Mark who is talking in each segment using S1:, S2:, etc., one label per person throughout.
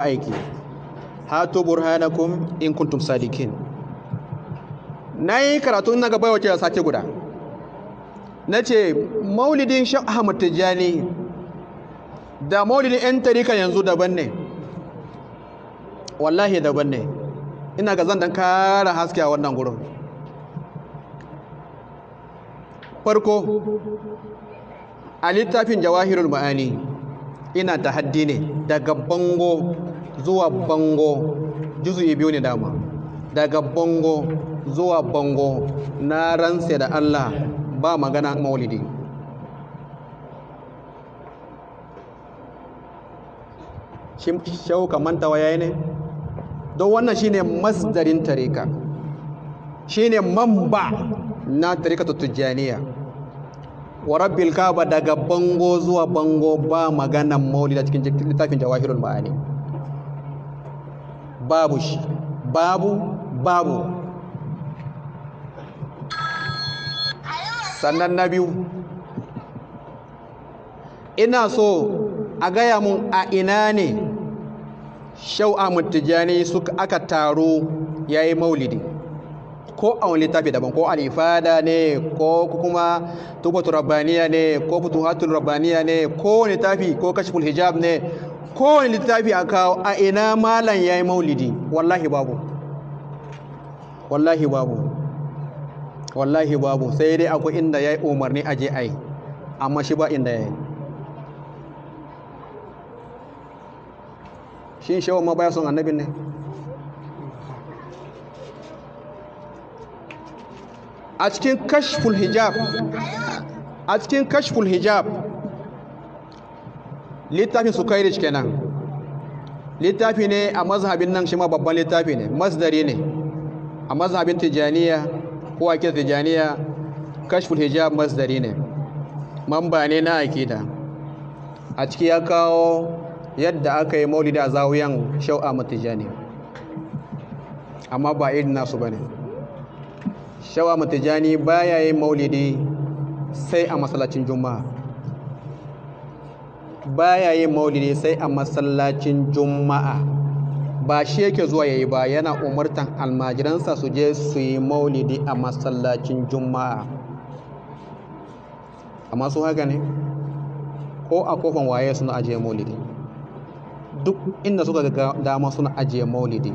S1: aiki hatu burhanakum in kuntum sadikin na yi karatu na gaba da sati guda na ce maulidin shan ahmad tijjani da maulidin 'yan tarika yanzu daban ne wallahi daban ne ina ga zan dan kara haske a wannan gurin farko a littafin jawahirul ma'ani ina haddi ne daga bango zuwa bango juzu'i biyu ne dama daga bango zuwa bango na rantse da Allah ba magana maulidi shau ya yayi ne don wannan shine masdarin tarika shine mamba na tarikatu tujjaniya wa rabbil kaba daga bango zuwa bango ba maganan maulida cikin littafin jawahirul ma'ani babu shi babu babu sannan na biyu ina so a gaya mun a ina ne shau'a mutijani suka aka taro yayi maulidi ko a wani littafi daban ko alifada ne ko kuma tukwatu rabbaniya ne ko futuhatul rabbaniya ne ko wani littafi ko kashiful hijab ne ko wani littafi a kawo a ina malam yi maulidi wallahi babu wallahi babu wallahi babu sai dai akwai inda ya yi umarni a ai amma shi ba inda ya yi. shin shawon ma baya son annabin ne a cikin kashful hijab a cikin kashful hijab littafin su kairish kenan littafi ne a mazhabin nan shi ma babban littafi ne masdari ne a mazhabin tijaniya ko ake tijaniya kashful hijab masdari ne mamba ne na akida a ciki ya kawo yadda aka yi maulidi a zawiyan shau'a matijani amma ba irin nasu ba ne shawa matijani baya yin maulidi sai a masallacin juma'a baya yin maulidi sai a masallacin juma'a ba shi yake zuwa yayi ba yana umartan almajiransa su je su yi maulidi a masallacin juma'a amma su haka ne ko a kofan waye suna ajiye maulidi duk inda suka ga dama suna ajiye maulidi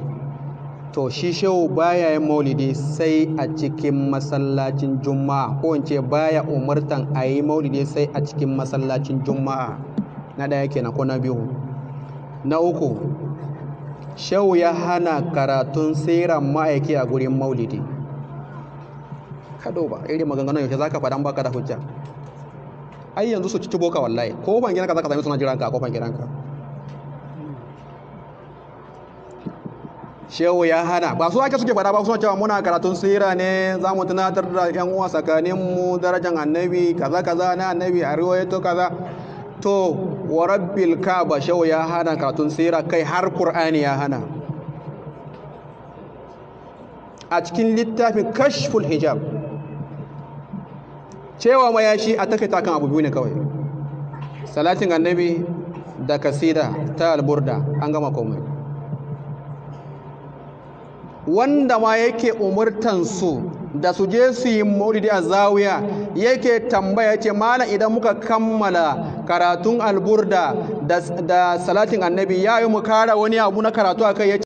S1: to shi shehu baya yin maulidi sai a cikin masallacin juma'a ko in ce baya umartan a yi maulidi sai a cikin masallacin juma'a na ɗaya kenan ko na biyu na uku shehu ya hana karatun siran ma'aiki a gurin maulidi kado ba irin maganganun yaushe za ka faɗan baka da hujja ai yanzu su ci boka wallahi ko ban ka za ka sami suna jiranka a kofan gidanka shehu ya hana ba su ake suke fada ba su cewa muna karatun sira ne za mu tunatar da yan uwa tsakanin mu darajar annabi kaza kaza na annabi a riwayato kaza to wa rabbil ba shehu ya hana karatun sira kai har qur'ani ya hana a cikin littafin kashful hijab cewa mayashi a takaita kan abu biyu ne kawai salatin annabi da kasida ta alburda an gama komai wanda ma yake umurtan su da su je su yi maulidi a zawiya yake tambaya ce malam idan muka kammala karatun alburda da salatin annabi ya yi mu kara wani abu na karatu a kai